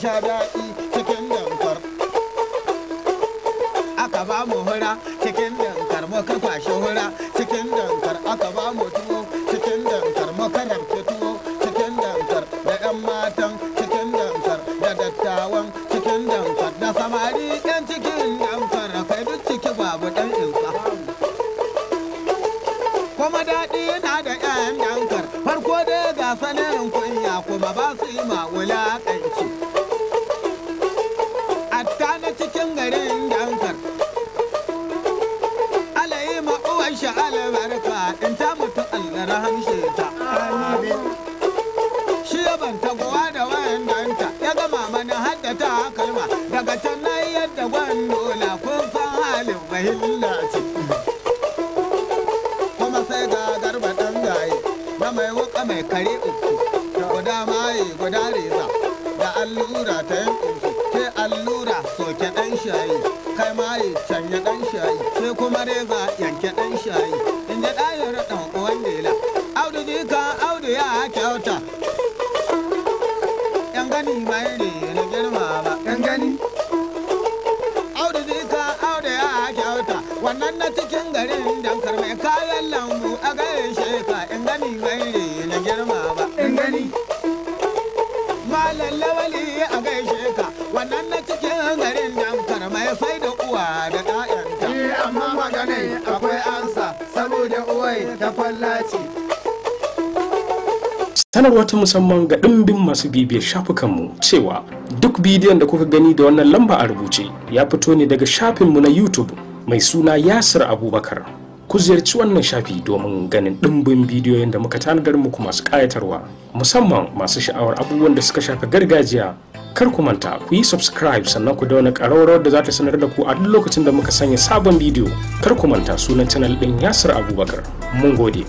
sha daɗi cikin dankar aka ba mu hura cikin dankar mu ka kwashi hura cikin dankar aka ba mu tuwo cikin dankar mu ka rabke tuwo cikin dankar da ɗan matan cikin dankar da dattawan cikin dankar da samari ɗan cikin dankar kai duk ciki babu ɗan insa kuma daɗi yana da 'ya'yan dankar farko dai ga sanin kunya kuma ba su yi ma wulaƙai barka in ta mutu Allah rahamshe ta. Shi ya banta gowa da wayan danta ya gama mana ta kalma daga can na yadda gwandola kun san halin bahilla ce. Kuma sai ga garba ɗan gaye na mai wuka mai kare uku guda maye guda reza da allura ta yankin ke allura soke dan shayi kai maye canye ɗan shayi sai kuma reza yanke ɗan shayi. gani mai ne na ba. gangani audu zika ya kyauta wannan na cikin garin dankar mai kayan lambu a gaishe ka in gani mai ne na girmama gangani malalla wali a gaishe ka wannan na cikin garin dankar mai sai da uwa da ɗa'yanta eh, amma maganin akwai ansa saboda uwai ta fallaci sanarwa ta musamman ga ɗimbin masu bibiyar shafukanmu cewa duk bidiyon da kuka gani da wannan lamba a rubuce ya fito ne daga shafinmu na youtube mai suna yasir abubakar ku ziyarci wannan shafi domin ganin ɗimbin bidiyoyin da muka tanadar muku masu ƙayatarwa musamman masu sha'awar abubuwan da suka shafi gargajiya kar ku manta ku yi subscribe sannan ku dauna ƙararrawar da za ta sanar da ku a duk lokacin da muka sanya sabon bidiyo kar ku manta sunan channel ɗin yasir abubakar mun gode